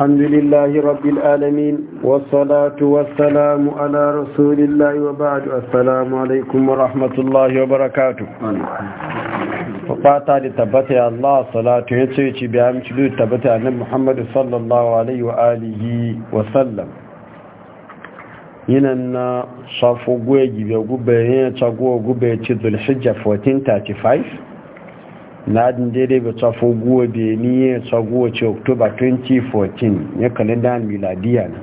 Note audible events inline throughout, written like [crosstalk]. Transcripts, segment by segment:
الحمد لله رب العالمين والصلاة والسلام على رسول الله وبعد السلام عليكم ورحمة الله وبركاته وقاطع لتبتع الله صلاة يتسيتي بأمس لتبتع محمد صلى الله عليه وآله وسلم yinan شافوا قوي جيبوا gibe gube yin ta goye gube ce zulhijja 1435 ladin daidai ba tsafo guwa benin ya tsaguwa ce oktoba 2014 ya kalenda miladiya ne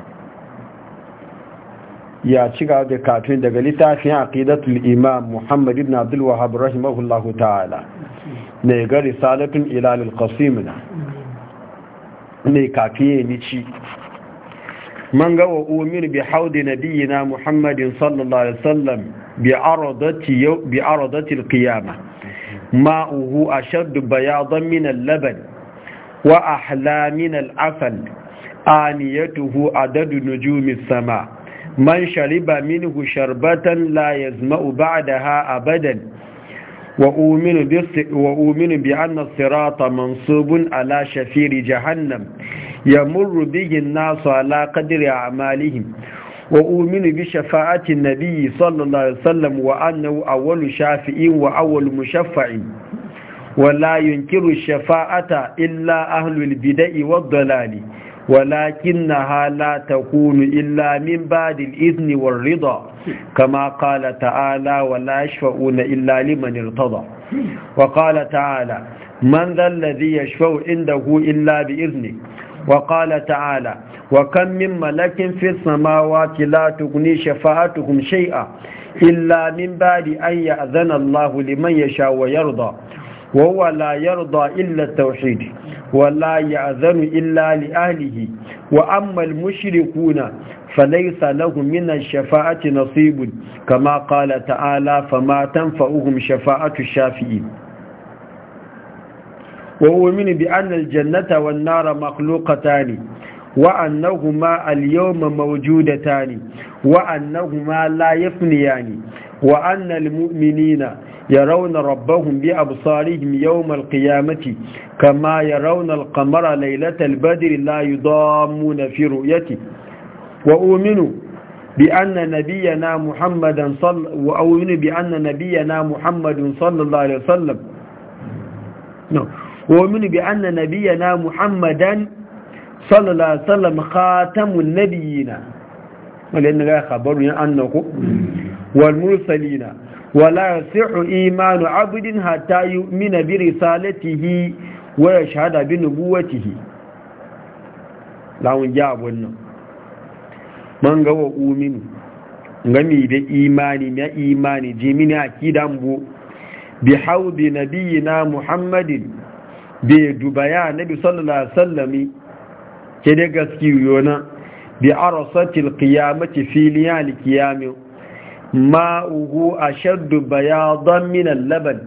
ya ci gaba da katun daga littafin aqidatul imam muhammad ibn abdul wahhab rahimahullahu ta'ala ne ga risalatun ila al qasimina ne kafiye ni ci man ga wa umir bi haudi nabiyina muhammadin sallallahu alaihi wasallam bi aradati bi aradati ma'uhu ashaddu bayadan min al-laban wa ahla min al-asal aniyatuhu adadu nujumi as-sama man shariba minhu sharbatan la yazma'u ba'daha abadan wa uminu bi wa uminu bi anna as-sirata mansubun ala shafiri jahannam ya bihi an-nasu ala qadri a'malihim وأؤمن بشفاعة النبي صلى الله عليه وسلم وأنه أول شافئ وأول مشفع ولا ينكر الشفاعة إلا أهل البدع والضلال ولكنها لا تكون إلا من بعد الإذن والرضا كما قال تعالى ولا يشفعون إلا لمن ارتضى وقال تعالى من ذا الذي يشفع عنده إلا بإذنه وقال تعالى وكم من ملك في السماوات لا تغني شفاعتهم شيئا إلا من بعد أن يأذن الله لمن يشاء ويرضى وهو لا يرضى إلا التوحيد ولا يأذن إلا لأهله وأما المشركون فليس لهم من الشفاعة نصيب كما قال تعالى فما تنفعهم شفاعة الشافعين wọ́wọ́ mini bí annal jannata wa nára makuluka ta ni wa annahu ma alyawma mawjuda ta ni wa ma layafniya ne wa annal mu'minina yarawna rabbahum bi absarihim yawma alqiyamati kama yarawna alqamara laylatal badri la yudammuna fi ru'yati wa aminu bi anna nabiyyana muhammadan sallallahu sallam wa min bi anana biyana muhamadan sall alah salama ƙartamun na biyina wajen da gaya kabar duna wal murtali na walayen sai imanu abudun hatta yiwu min a biro salo ta fi waya shahadar da na buwa ta fi da uminu gamiyi da imani na imani jiminai ake dambo bu bi na nabiyina muhamadan. bai dubaya nabi sallallahu alaihi wasallami ke da gaskiyo na bi arasatil qiyamati fi liyal qiyam ma'uhu ashaddu bayadan min al-laban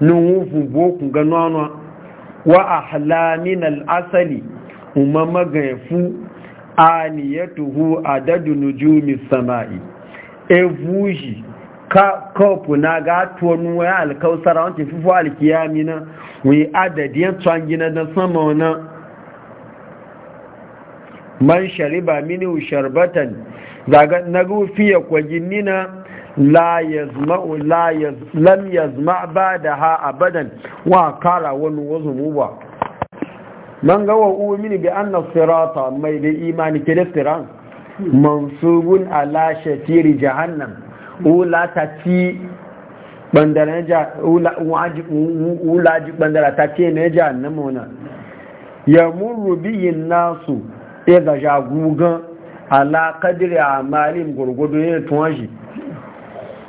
nufu boku ganwanwa wa ahla min al-asali umma magafu aniyatuhu adadu nujumi samai evuji ka kofu na ga tonu ya alkausara wancan fufu alkiyami na wani adadin tsangi na don sama wana man shariba mini sharbatan na rufiya kwajini na lam yazma ba da ha abadan wa kara wani wasu muba man gawa uwa mini bi an sirata mai da imani ke da mansubun ala shafiri jahannam wula ta ci bandara ta ce na jahannama wana ya murru biyin nasu ya ga jagugan ala kadiri a malin gurgudu ne tuwon shi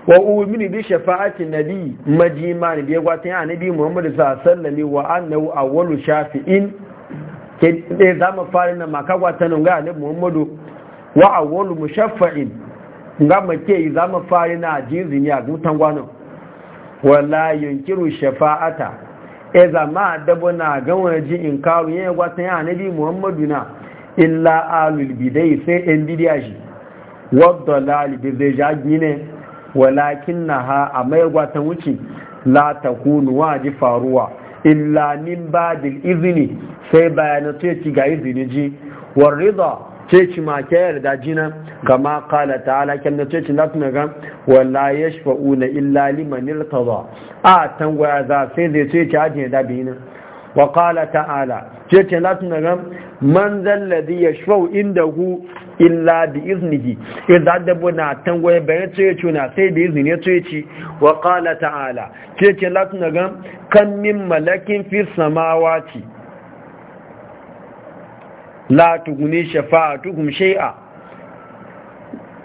wa umini bi shafa'ati nabi majima ne bi gwata ya nabi muhammadu sallami wa annahu awwalu shafi'in ke zama farin na makagwata nan ga nabi muhammadu wa awwalu mushaffa'in nga ke yi zama fari na jinzini a dutan gwanon wala yankiru shafa'ata e ma dabo na ganwar ji in karu yin gwatan ya nabi muhammadu na illa alul bidai sai yan bidiya shi wadda lalibi zai jagi ne walakin na ha a mai gwata wuce la ta kunuwa ji faruwa illa min ba izini sai bayanatu ya ci ga izini ji warrida ceci ma ke yarda jinan kama kala ta. kyan da ceci za su naga wala ya shafa'u na illa limanil tawa a tangwaya za sai zai ceci ajin yarda biyinan wa kala ta'ala ceci za su naga man zalladi ya shafa'u inda hu illa bi iznihi da dabbo na tangwaye bayan ceci na sai bi izini ya ceci wa kala ta'ala ceci za su naga kan min malakin fi samawaci la tuguni shafa'atukum shay'a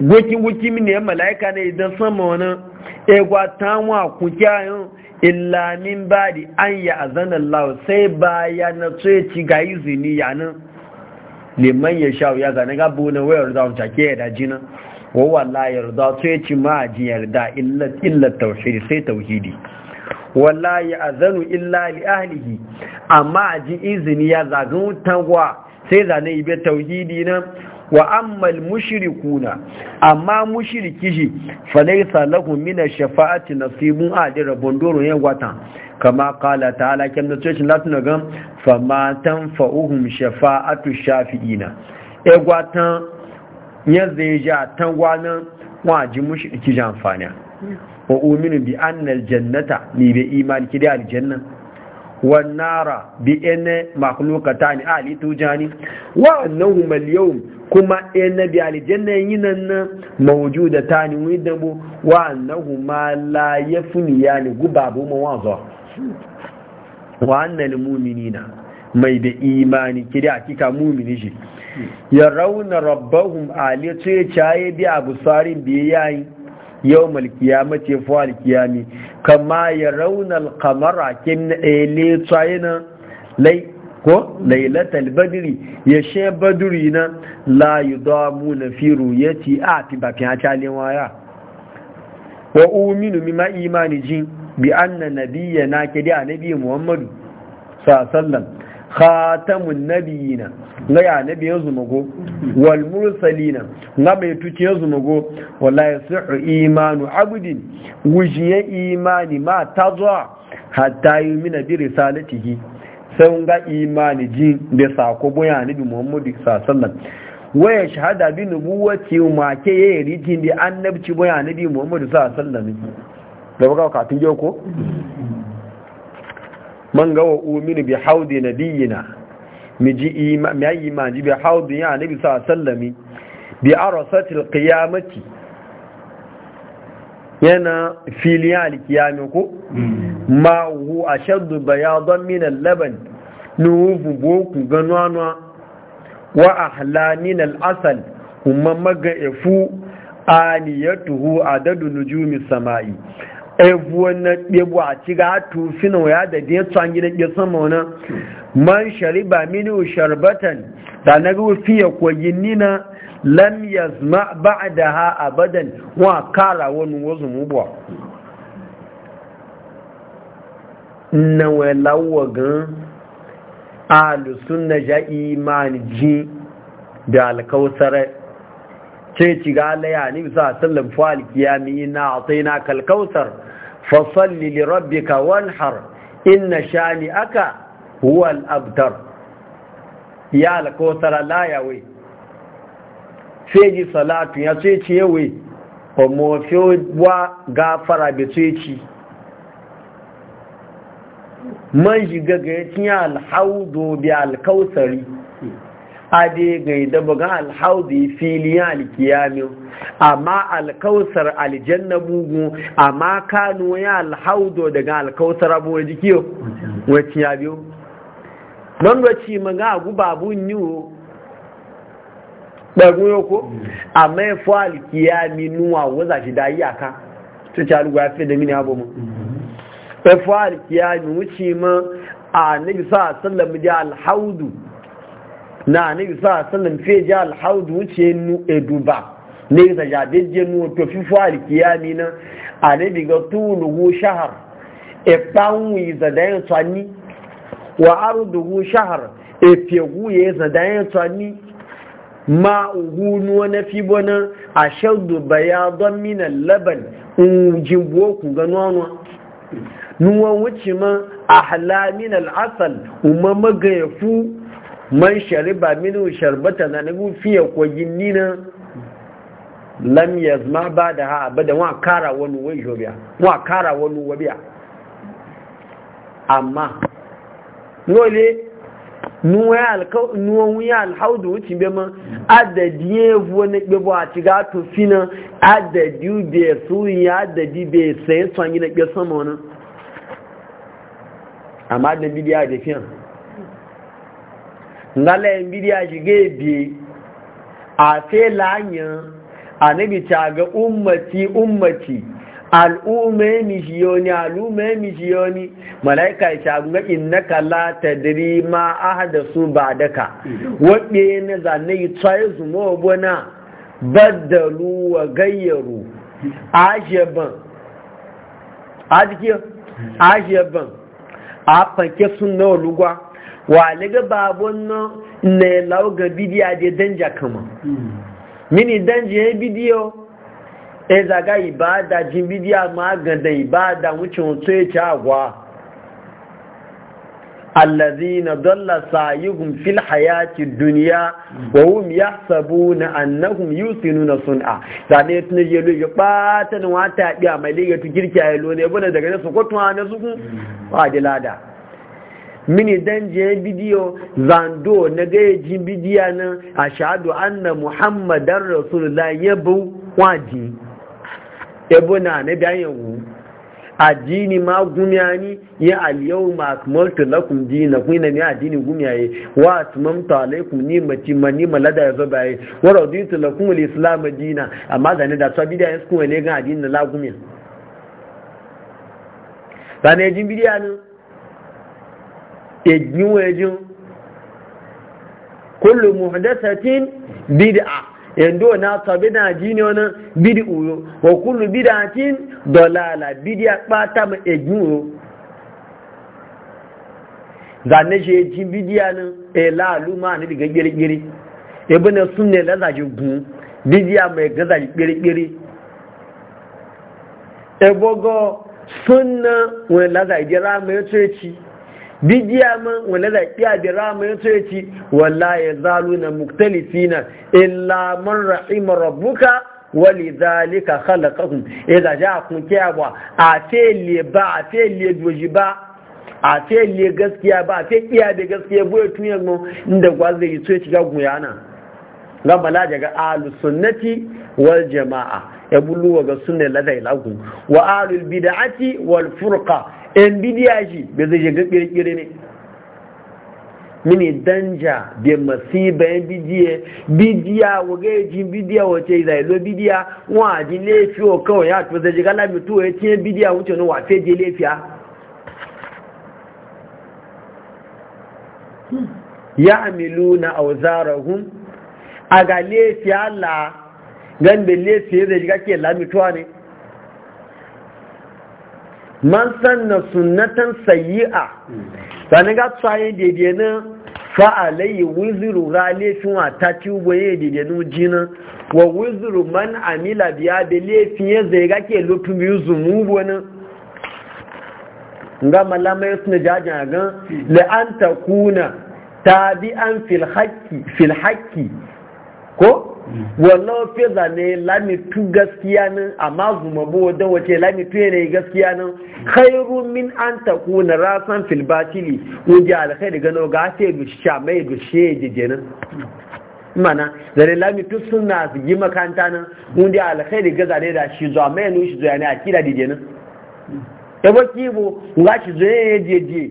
goki goki min ne malaika ne idan sama wani egwa tanwa ku kyayin illa min badi an ya azana Allah sai ya na tsaye ci ga izini yanin liman ya sha ya zane ga bune wayar da wata ke da jina wa wallahi yarda tsaye ci ma ji yarda illa illa tauhid sai tauhidi wallahi azanu illa li ahlihi amma ji izini ya zagun tanwa sai zane ibe tauhidi na wa amma mushrikuna amma mushriki shi falaysa lahum min ash-shafa'ati nasibun adira bondoro yan wata kama qala ta'ala kam da cocin latin ga fa ma tanfa'uhum shafa'atu shafi'ina e gwatan ya zai ja tan gwanan waji mushriki jan amfani wa uminu bi anna al-jannata ni bi iman kidi al-jannah والنار بان مخلوقتان علي توجاني ali tujani wa annahum al-yawm kuma ene bi aljanna yinan mawjudata ni widabu wa mu'minina mai da imani kiri hakika mu'mini shi ya rauna rabbahum ali ce chaye bi abusarin biyayi yawmal qiyamati fa kama ya raunar kamara kin ele eh, tsayina lai ko lailatul badri ya she baduri na la yudamu na fi ruyati a ti bafin a waya wa uminu mima imani jin bi anna nabiyya na kidi a nabi muhammadu sallallahu khatamun nabiyina nga ya nabi ya zumago wal mursalina nga mai tuci ya zumago wala yasihu imanu abdin wujiye imani ma tazwa hatta yumina bi risalatihi sai nga imani jin da sako boya nabi muhammadu sallallahu waya shahada bi nubuwati ma ke yayi rijin da annabci boya nabi muhammadu sallallahu alaihi wasallam da baka kafin yau ko man gawa umini bi haudi nabiyina mi ji ima ji bi haudi ya nabi sallami bi arasatil qiyamati yana filin alkiyami ko mm. ma hu ashaddu bayadan min al-laban nufu boku ganwanwa wa ahla al-asal kuma maga efu aniyatuhu adadu nujumi sama'i ebuwan na ɗebu a ci ga hatu suna waya da dai tsan gina ɗe sama wani man shariba mini sharbatan da na ga fiye kogin nina lam ma ba da ha abadan wa kara wani wasu mubuwa na wani lawa gan alusun na ja imani ji da alkausarai ce ci ga alaya ni bisa sallan fuhal kiyami ina a na kalkawasar fasalli li rabbika wanhar inna shani'aka huwa al-abtar ya alkotara layawe sai ji salatu ya ce ce yawe ọmọ fi wa gafara bi ce ci man shiga ga ya ciye alhaudu bi alkausari ade gai da buga alhaudi filiya alkiyami amma alkausar aljanna bugu amma kanu ya alhaudo daga alkausar abu wa jikiyo wacce ya biyo don wacce maga agu babun yiwu ɗagun ko amma ya fi alkiyami nuwa waza shi da iyaka aka? ci alugu ya fi da mini abu mu ya fi alkiyami wuce ma a nabi sa sallam da alhaudu na anabi sa sallam fe ja alhaudu wuce nu eduba ne sa ja je nu to fi fo alkiyami na anabi ga hu shahar e panwi za da tsani wa hu shahar e pegu ye za da tsani ma nu na fi bona a shaddu min al laban in jimbo ku ga nono nuwan wuce ma min al-asal umma magayfu man shariba minu sharbata na nagu fiye kogin nina lam ma ba da ha abada wa kara wani wai biya wa kara wani wabiya amma nole nuwan wuya alhaudu wuce bai ma adadi ya wani gbebo a ci gato fina adadi bai suyi adadi bai sayi tsangi na ƙesa sama wani amma adadi ya da ngala yin bidiya shige biye a fela hanyar annabi ta ga ummati ummati al'ume mishiyoni al'ume mishiyoni malaika ta ga innaka ta diri ma ahdathu ba'daka wabe na zane yi tsaye su mo bona badalu wa gayyaru ajaban ajiye ban a fanke sunna lugwa wa liga babon nan na lauga bidiya je danja kama mini danja ya bidiyo e zaga ibada jin bidiya ma ganda ibada wucin wuce ya ci agwa allazina dalla sayuhum fil hayati dunya wa hum yahsabuna annahum yusinuna sun'a zane tun je lo ya tan wata ya mai liga tu girki ayo ne bana daga su ko na su ku dilada mini dan je bidiyo zando na ga ji bidiya nan ashhadu anna muhammadar rasulullah yabu waji yabo na ne bayan A dini ma gumiya ni ya aliyau ma akmaltu lakum dinakum ina ne addini gumiya ye wa atmamtu alaikum ni ma ni malada yazo baye wa raditu lakum islam dina amma da ne da sabi da yasu ne ga na la gumiya ba ne jin bidiya egin wejin kullu muhdathatin bid'a yando na tabi na ji ne wani bid'u yo wa kullu bid'atin dalala bid'a bata ma egin yo shi je ji bid'a nan e ma luma ne diga gire gire ibn sunne la zaji gun bid'a mai e gaza gire gire ebogo sunna wani la zaji ra mai tsoci bijiya man wala da kiya bi ramin so yace wallahi yazaluna muktalifina illa man rahima rabbuka walidhalika khalaqakum idza e ja'akum kiyaba a fele ba a fele doji ba a fele gaskiya ba a fe kiya da gaskiya boye tunyan mu inda gwaze yi so yace ga guyana ga bala daga ahlus sunnati wal jamaa ya bulu ga sunna ladai lagu wa ahlul bid'ati wal furqa in bidiya shi bai zai shiga kirkiri ne mini danja bai masiba yin bidiya bidiya waga jin bidiya wace zai lo bidiya wọn ji laifi o kawai ya to zai shiga lami tuwa ya tiye bidiya wuce ni wafe je laifiya ya amilu na auzarahun a ga laifiya ala, gan bai laifiya zai shiga ke lami tuwa ne man sanna sunnatan sayyi'a sanin ga tsaye daidai na fa'alayi rale fi wa ta ci uboye daidai na jina wa wiziru man amila biya da laifin ya zai ke lufin biyu zumu wani ga malamai suna jajin a gan la'anta kuna tabi'an filhaki ko wallo feza ne lami tu gaskiya nan amma zuma bo wadda wace lami tu ne gaskiya nan khairu min an takuna rasan fil batili wuje alkhairi gano ga ce sha mai she jeje nan mana zare lami tu suna su yi makanta nan wuje alkhairi ga zare da shi zuwa mai nushi zuwa ne a kira jeje nan ba kibo ga shi zuwa jeje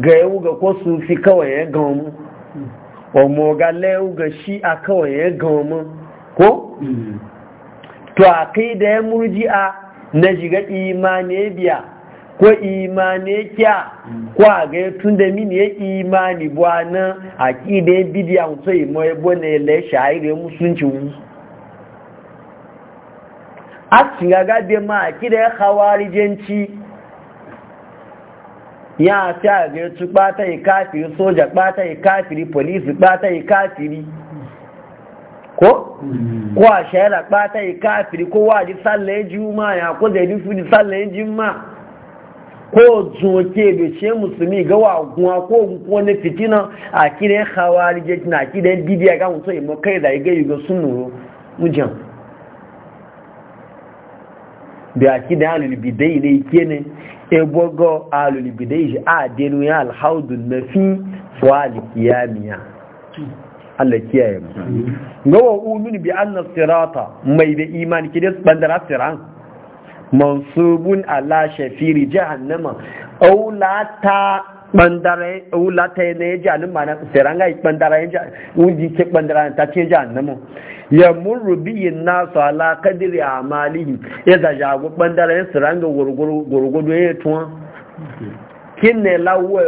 ga ewuga ga ko sufi kawai ya gamu omo ga lewu ga shi a kawai ya gamu ko to a kai da ya murji'a na shiga imani biya ko imani kya ko a ga tun da mini ya imani buwa ana a ki da ya bidiya mutu imo ya bane musulunci a cikin ma a ya fi agaci ɓata yi kafiri soja ɓata yi kafiri polisi ɓata yi kafiri ko wa mm. shayara ɓata yi kafiri ko wa di sallaye juma ya ko zai yi fi di sallaye juma ko zoke da ce musulmi ga wa kuma ko wani fitina a kiran hawari jeji na kiran bidiya ga mutum imo kai da ga yi ga sun nuro mujan da akidan alulbidai ne kenan ebogo alulibidai a denu ya alhaudun na fi fuhali kiyamiya Allah kiyaye mu gawa umin bi anna sirata mai da imani kidan bandara siran mansubun ala shafiri jahannama aulata bandara wula ta ne ya ji anin mana tsiranga yi bandara ya ji wuji ke bandara ta ke ji annamu ya murru biyin nasu ala kadiri amali ya da jagu bandara ya tsiranga gurgudu ya tuwa kin ne lawuwa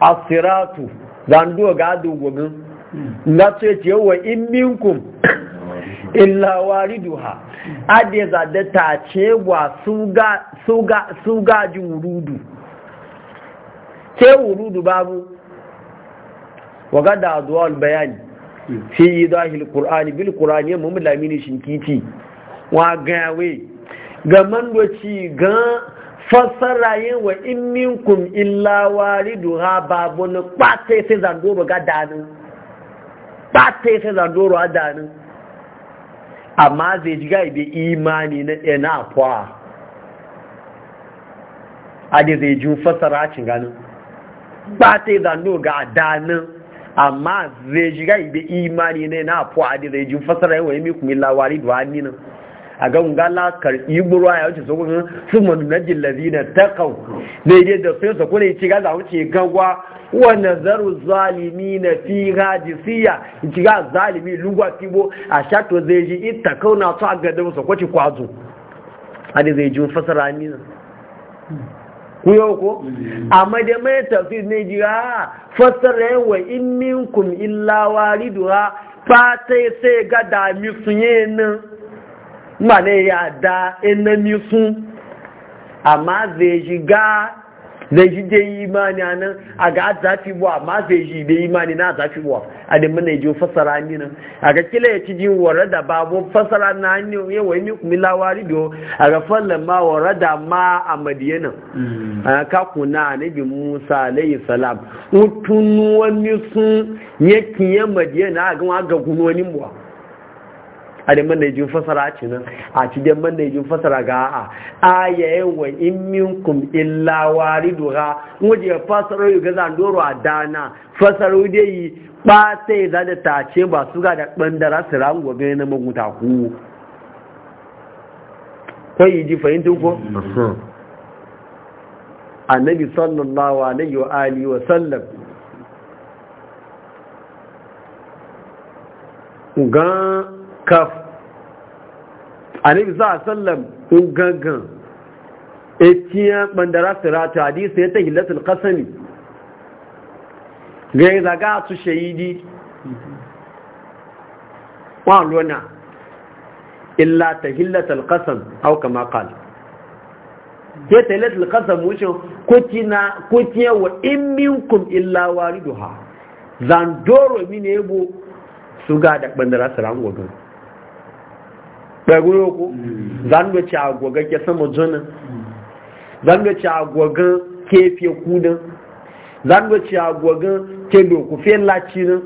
asiratu zandu ga adogogin na ce ce wa in minkum illa wariduha adeza da ta cewa su gaji wurudu ke wurudu babu wagada zuwa bayani fi yi zahil ƙur'ani bil ƙur'ani ya mummi lamini shinkiti wa gawe ga mandoci ga fassara yin wa in minkum illa babu na ɓata sai zandoro ga danin ɓata sai zandoro a danin amma zai ji gaibe imani na ina kwa da zai ji fasara cin ganin ba ta yi zano ga adanin amma zai ji gaibe imani na ina kwa da zai ji fasara yawan yi mikumila lawari da wani nan a ga ngala karbi burwa ya wuce sokun sun manu na jillazi na takau ne dai da sai kuna yi ci gaza wuce gagwa wa nazaru zalimi na fi hajisiya ci ga zalimi lugwa kibo a shato zai ji ita na su a gadon kwaci kwazo hadi zai ji fasara ni kuyo ko amma da mai tafsir ne jira ah, fasara yawa in minkum illa waliduha fa sai sai ga dami sunye nan ne ya da enemi fun ama zeji ga zeji de dai imani a nan a ga zafi buwa amma zeji de dai imani na zafi buwa a da mana ji fasara ni nan a ga kila ya ci jin warada babu fasara na hannu wai ni kuma lawari biyo a ga fallon ma warada ma a madiyana mm. a ka kuna nabi musa alayhi salam utun wani sun yakin ya madiyana a ga wani buwa a da manna jin fasara ci nan a ci da manna jin fasara ga a ayayen wa in minkum illa wariduha waje ya fasaro yi gaza ndoro a dana fasaro dai ba sai za da tace ba su ga da bandara su rango gani na maguta ku kai ji fahimtun ko annabi sallallahu alaihi wa alihi wa sallam ga kaf anabi za sallam in gangan etiya bandara siratu hadisi ya ta tahillatul qasami ga zaga su shahidi wa lona illa ta tahillatul qasam aw kama ya ta tahillatul qasam wuce kutina kutiya wa in minkum illa wariduha doro mine bo su ga da bandara siratu ɗaruwa ku zan da ci agwaga ke sama jinin zan da ci agwaga kefe kudin zan da ci agwaga ke dokufe lacinin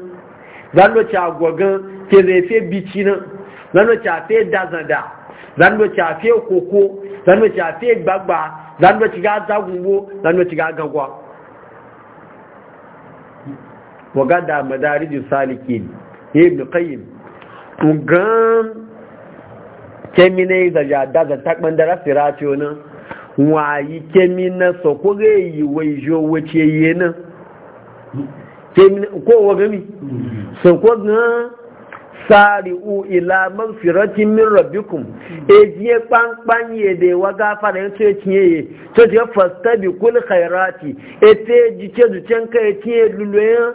zan da ci agwaga ke refe bicinin zan da ci afe dazada zan da ci afe koko zan da ci afe gbagba zan ci ga zagungo zan ci ga gagwa waga madarijin salikin ibn qayyim ugan kemine da ya daga takman da rasira ce wa wayi kemina so ko ga yi wai jo wace yi nan kemina ko wa gami so ko ga sari'u ila firati min rabbikum ejiye kpankpan ye de wa gafara yin tsoye tiye ye to je fasta bi kul khairati ete jike ji ka kai tiye lulu yan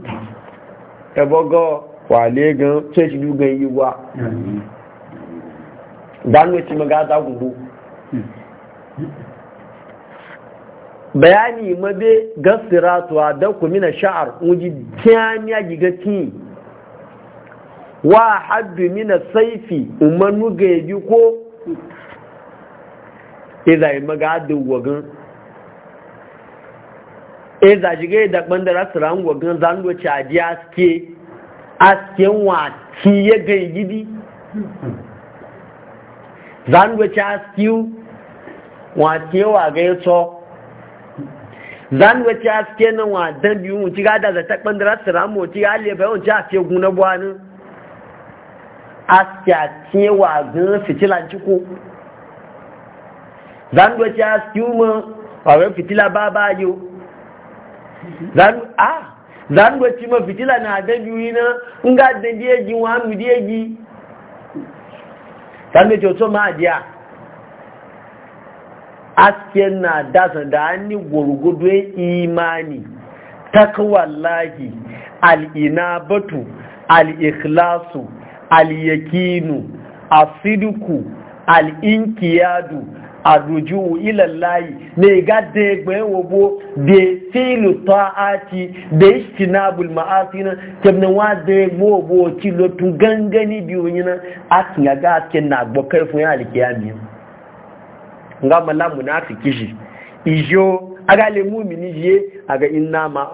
ẹbọ́gọ́ wàlẹ́ gan church ló gan yí wa dánú ti mọ̀ gáàdá gbogbo bayani mabe gasira to a danku mina sha'ar wuji jami'a giga kin wa haɗu mina saifi umarnu ga yabi ko idan maga adin wagan e za jige da bandara tsiran gwagon zango caji aske asken waki ya gai gidi zango ci aske waki wa gai so zango ci aske na wadan biyu wuci gada za ta bandara tsiran moti ya lebe wuci aske guna buwanin aske aske wagon fitilan ciko zango ci aske mu a wani fitila ba ba yau a zan ma fitila na da biyu na nga da diyaji wa mu diyaji zan gwaci wato ma adiya asken na dasa da hannu gwargwadon e imani takwallahi al'inabatu al'ikhlasu al'yakinu asidiku inkiyadu aruju ilallahi ne ga da gbe wobo da filu ta'ati da istinabul ma'asi na kemna wa da wobo ti lo tun gangani biyu na akin ga akin na agbọ kai fun ya alkiyami nga mala munafiki shi aga mumini aga inna ma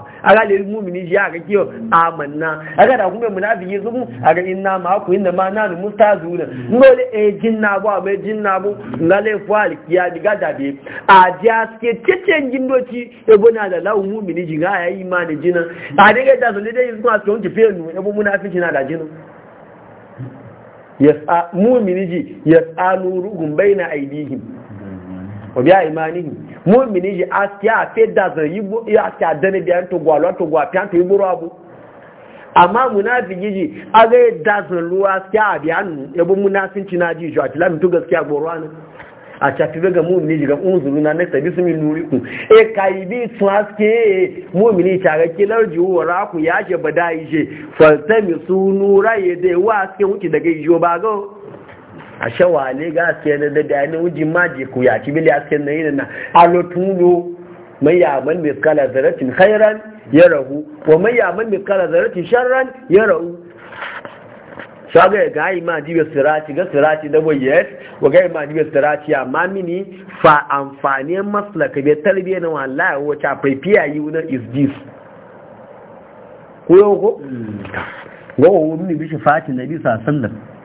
mumini aga kiyo amanna aga da kuma munafiki zumu aga inna ma ku inna ma ngole e jinna bo abe jinna bo ngale fwal kiya a ja ske tete jindoci e bona da lawu mumini ji ga imani jina da so nu e bo na da jina yasa mumini ji baina wa bi imanihim mọ́mìnì yìí àti àfẹ́dàzẹ̀ yìí àti àdẹ́nibíà tó gbà lọ́tọ̀ gbà pí àtò ìgbòrò abu àmá a yìí agẹ́dàzẹ̀ ló àti àbíánù ẹbú munafinci náà jí ìjọ àti lámì tó gaskiya gbòrò ánà àti àfẹ́fẹ́ ga mọ́mìnì yìí ga ounzuru na nẹ́sẹ̀ bí súnmi kun e ka ibi tún aske mọ́mìnì bada ti ba a shawale ga aske na da ne wujin maji ku ya ci bili aske na yin na alotulo mai ya man mai kala zaratin khairan ya rahu wa mai ya man mai kala zaratin sharran ya rahu sha ga yi ma dibe sirati ga sirati da boye wa ga yi ma dibe sirati amma mini fa amfani maslaka be talbiya na wallahi ta prepare yi na is this ko ko hmm. go wuri bi fati nabi sallallahu alaihi wasallam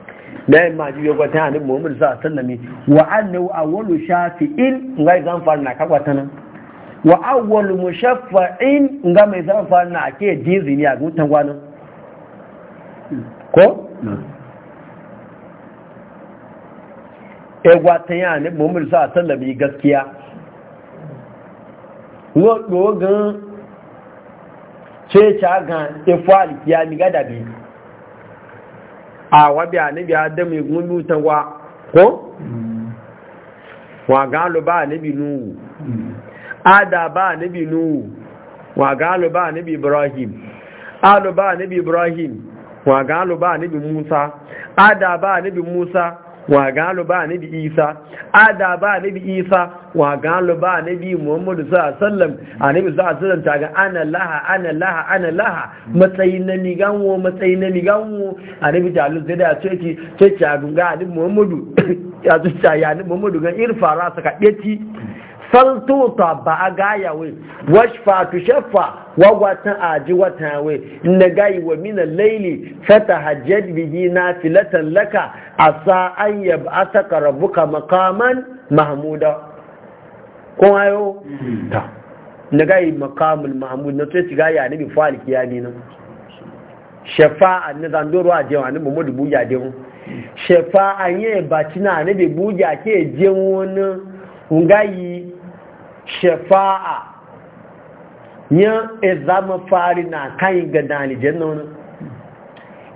da ma maji ya kwata hannun muhammadu sa sallami wa annahu awwalu shafi'in ngai zan fara na ka ta nan wa awwalu mushaffa'in nga mai zan fara na ke jinzi ne a gutan gwanin ko e gwata ya ne muhammadu sa sallami gaskiya wo gan ce ca gan ifa e alikiya ni gada bi a wabi anabi adam egun lutan wa ko wa ga lo ba anabi nuhu ada ba anabi nuhu wa ga lo ba anabi ibrahim ada ba anabi ibrahim wa ga lo ba anabi musa ada ba anabi musa wa galu ba nabi isa ada ba nabi isa wa galu ba nabi muhammad sallallahu alaihi wasallam annabi sallallahu alaihi wasallam ta ga ana laha ana laha ana laha matsayin na miganwo matsayin na miganwo annabi jalu zai da ce ki ce ta gunga annabi muhammadu [coughs] ya zuciya ya annabi muhammadu ga irfa ra saka deti ta ba a gaya we washfa tu shaffa wata aji wata we na gayi wa minan laili fata hajjad bihi na filatan laka a sa'an ya ba ta karabuka makaman mahmuda Kuma ayo ta na gayi makamun mahmud na tuci gaya ne bi fa'al kiyami nan shafa'a na zandoro a jewa ne mu dubu ya dewu shafa'a ne ba tina ne bi buja ke jewu ne ngayi shafa'a yan izama fari na kayi ga dalijan nan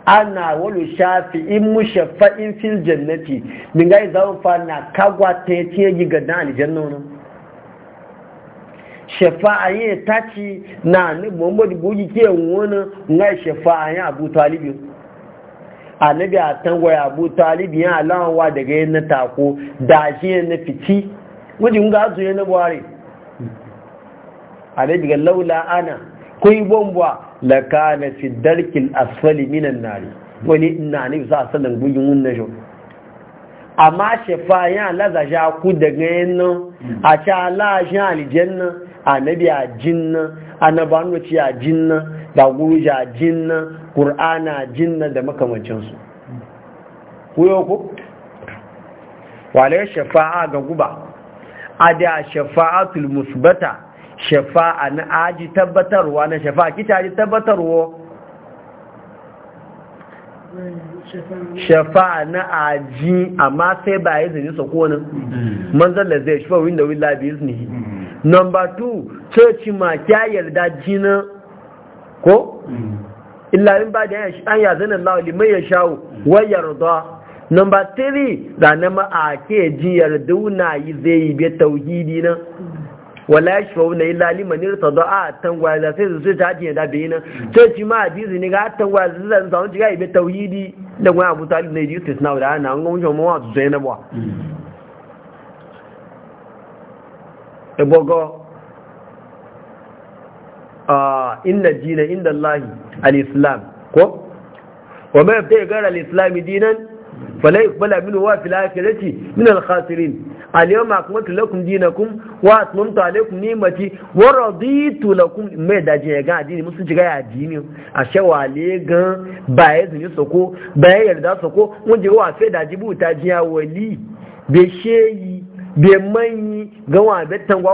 ana wani shafi in mu shafa'in fil jannati min ga izama fari na kagwa ta yake tiye ga dalijan nan shafa'a yin taci na muhammadu buji ke wani ngai shafa'a yin abu talibin annabi a tangwaya abu talibi yin alawa daga yin na tako da shi na fiti wajen gazu yin na buhari annabi ga laula ana kun bombwa la kana fi darkil asfali minan nari wani ina ne za sanar gugin wunan shi amma shefa ya laza sha ku daga nan, a alashin alijen nan a nabi a a annabanu ci a jin nan da guruja a jin jinna da makamancinsu. su kuyo ku wale shafa'a ga guba A da shafa'atul musbata shafa'a na aji tabbatarwa na shafa'a kita aji tabbatarwa shafa'a na aji amma sai ba ya zini sakonin manzan da zai shafa winda wila biyu ne number two coci ma kya yarda jina ko illarin ba da an yazin Allah mai ya shawo wayar da number three da na ma'ake jiyar duna yi zai yi biya tauhidi na wala yashfauna manir ta zo a tan gwaza sai su ta ji da bayin ta ci ma hadisi ne ga tangwa da zan zan ji ga ibe tauhidi da gwaya abu talib ne ji sai na an ana ngon jo mu wa sai na ba ebogo a inna dina inda Allah al-islam ko wa ma yabda gara al-islam dinan fala yi kubala minu wa fila ake race min alhasirin aliyama kuma tulakun dinakun wa tunan talakun nimaci wara zitu lakun mai dajin ya gan adini musu jiga ya adini a shawa le gan baya zini soko baya yarda soko wani jiga wa fai daji bu ta jiya wali bai sheyi bai manyi gan wa bai tangwa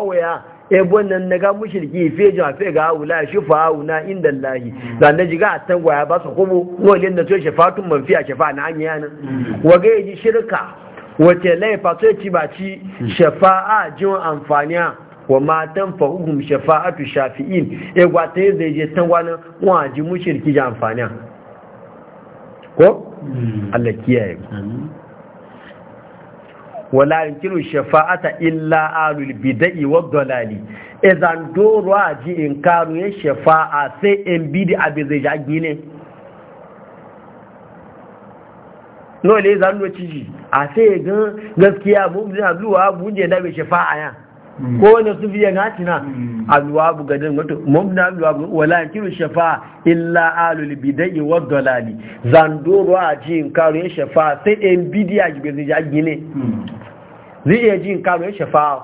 ebon eh, nan na ga mushriki fe jama fe ga wula shifa fa wuna inda Allah dan da jiga tan gwaya ba su kubu ngolin da to shafatun man fiya shafa na anya nan waga yi shirka wace laifa to ci ba ci shafa'a jin amfaniya wa matan fahum shafa'atu shafi'in e eh, gwata zai je tan gwanan wa ji mushirki ji amfaniya ko hmm. Allah kiyaye mu wala yumkinu shafa'ata illa alul bid'i wad dalali idan doro in inkaru ya shafa'a sai in bidi abizai zai jagi no le zan lo ciji a sai gan gaskiya mu bin abluwa buje da bai shafa'a yan Mm. ko wanda su fiye na tina mm. alwa bu gadin wato mumna alwa bu wala kiru shafa illa alul bidai wa dalali zandoro a jin karo ya shafa sai en bidiya ji gazi ja gine mm. zai iya jin karo ya shafa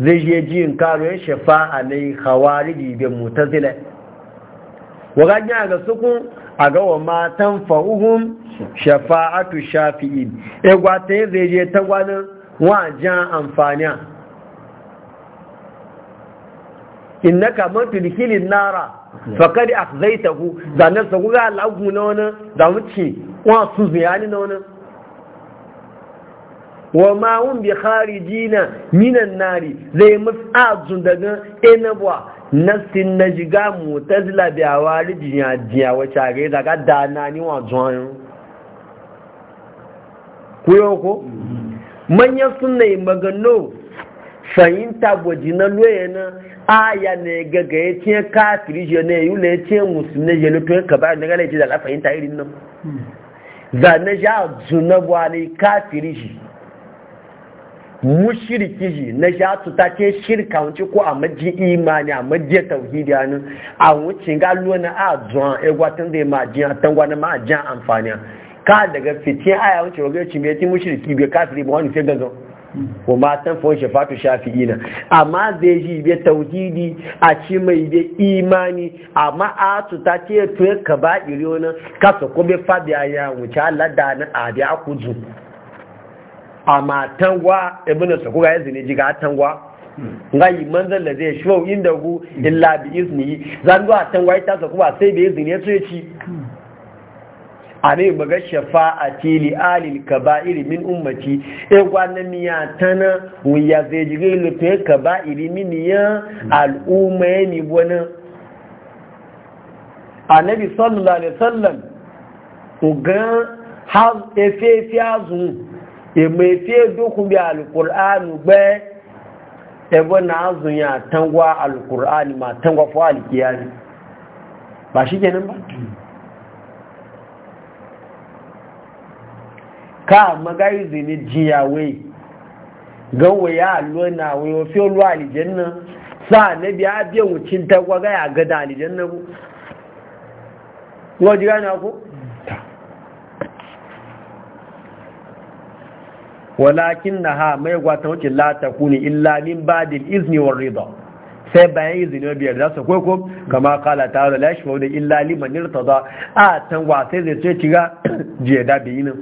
zai iya jin karo ya shafa alai khawariji bi mutazila wa ganya ga sukun a ga wa matan fa'uhun shafa'atu shafi'in e gwata yin zai je ta gwanin wajen amfaniya na kamar tulkilin nara fakari a zai tagu zanen sagu ga lagu na wani da wuce wasu zuyani na wani wa ma'un bi kharijina minan nari zai mafi ajin daga enabuwa nassin na jiga mu ta zila rijiya jiya wacce ga daga dana ni wa zuwan kuyo ko suna yi magano fahimta gwaji na loye na aya ne gaga ya ce kafiri je ne yi ya ce musulmi je ne to kaba na gane ce da fahimta irin nan hmm. zane ja zuna buwa ne kafiri shi mushiriki shi na sha su ta ce shirka wancin ko a maji imani a maji tauhidi a nan a wuce ga na a zuwa e egwatin zai ma a tangwa na ma jiya amfani ka daga fitin aya wancin wajen cin bai ti mushiriki bai kafin ba wani sai gazo ko ma san fon shafatu ina amma zai ji bai tauhidi a ci mai bai imani amma a su ta ce to ka ba iri wani kasa ko bai fabi aya wuce Allah da nan a biya kuzu a matanwa ibn sakuga yanzu ne jiga tangwa ngayi manzan da zai shiwa inda hu illa bi izini zan zuwa tangwa ita sakuba sai bi izini ya ce ci a ne maga shafa'ati li alil kaba'iri min ummati e gwanan miya tana wiya zai jiga ilufe kaba'iri min ya al'umma ya ni wani annabi sallallahu alaihi wasallam ugan har efe fi azun emefe dukun bi alkur'anu gbe ebe na azun tangwa alkur'ani ma tangwa fo alkiyari ba shi kenan ba ka magayi zini jiyawe ganwa ya allo na wayo fi olu alijanna sa na biya biyan e wucin tangwa ga ya gada alijanna náà walakin na ha mai gwata wuce la kuni illa min badil izni wa rida sai bayan izini wa biyar da su kai ko kama kala ta da lashi wa illa liman irtada a tan wasa sai zai ce ga [coughs] jiya da biyinin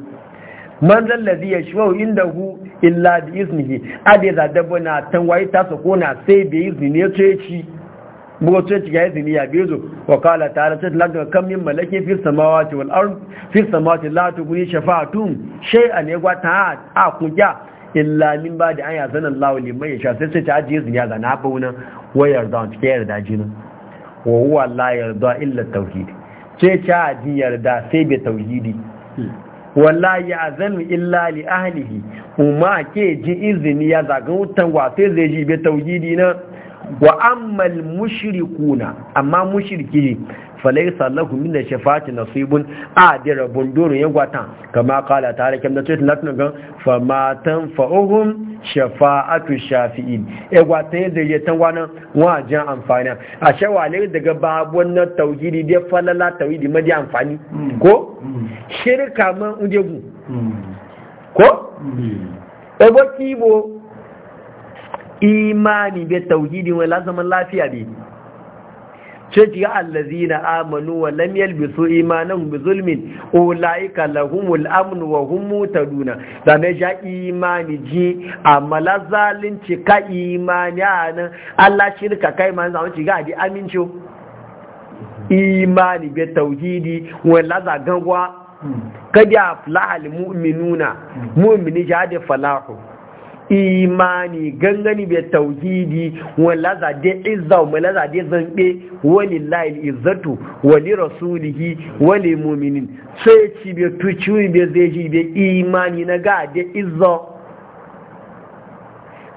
man zan lazi ya shiwa inda hu illa bi iznihi a da ya na tan wa ta su kona sai bi izini ya ce ci bugoto ci ya zini ya bezo wa kala tare ta lagar kam min malaki fi samawati wal guni shafatun shai a negwa ta a kuja illa min ba da an ya zanen lawo liman ya sha sai sai ta ajiye zini ya ga na wayar da yarda cikin yarda jini wa huwa la yarda illa tauhid sai ta ajiye yarda sai bai tauhidi Wala ya zanu illa li ahlihi kuma ke ji izini ya zagan wutan wa sai zai ji bi tauhidi na wa ammal mushrikuna amma mushriki falaisa lahu min shafa'ati nasibun adira bunduru yagwata kama kala ta harakin da tuwit latin gan famatan fa'uhum shafa'atu shafi'in yagwata yadda ya tan wani wajen amfani a shawale daga babuwan na tauhidi da falala tauhidi ma amfani mm. ko mm. shirka man undegu mm. ko ebo kibo imani bai tauhidin wai lazaman lafiya bai ce ci ga allazina amanu wa lam yalbisu imanan bi zulmin ulaika lahumul amn wa hum mutaduna zane ja imani ji amma la zalunci ka imani nan Allah shirka kai man zama ci ga di aminci imani hmm. bi tauhidi wa la zagangwa kadi aflahal mu'minuna mu'mini ja da falahu imani gangani bai tauhidi wala de izza wala zade zanbe wali izzatu wali rasulihi wali mu'minin sai ci bai tuci bai zai ji bai imani na ga de izza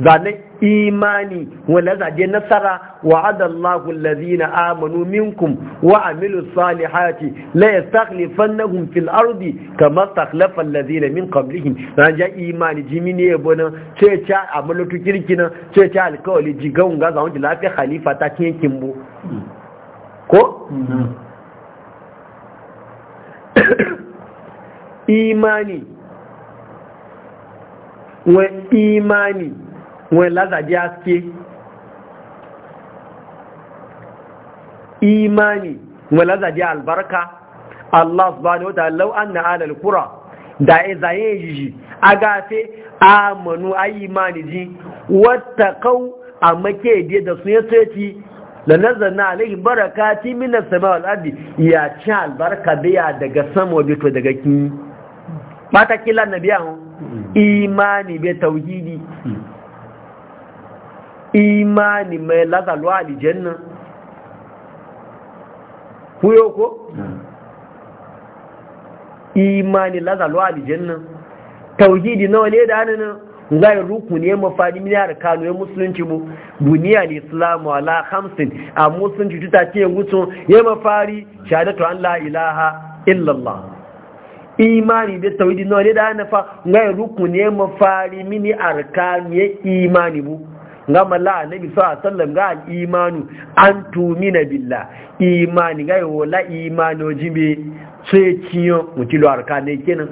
zanen imani wala zaje nasara wa adallahu allazina amanu minkum wa amilu salihati la yastakhlifannahum fil ardi kama stakhlafa allazina min qablihim zan ja imani jimini e bonan ce cha amalutu kirkina ce cha alkawli jigan ga zawon lafi khalifa ta kin kimbo ko [coughs] imani wa imani wọ́n lázàdí áskí imani wọ́n jẹ́ albarka Allah subhanahu wa ta'ala law anna alal qura da izaye yiji agafe amanu ayyimani ji a amake de da sun yace da na alaihi barakati ti mina sama al'adi ya ci albarka biya daga sama bito daga ki mata kila hun hmm. imani bai tauhidi hmm. imani mai lazaluwa nan kuyo ko? Hmm. imani lazaluwa nan tauhidi nawa ne da hannun zai ruku ne mafadi miliyar kano ya musulunci bu duniya ne islamu ala hamsin a musulunci tuta ce wucin ya mafari shahadatu an la ilaha illallah imani da tauhidi nawa ne da hannun fa zai ruku ne mafari mini arkanu ya imani bu ga mala annabi sallallahu alaihi ga al-imanu an tumina billah imani ga wala imano jibe sai ciyo mutilo ne kenan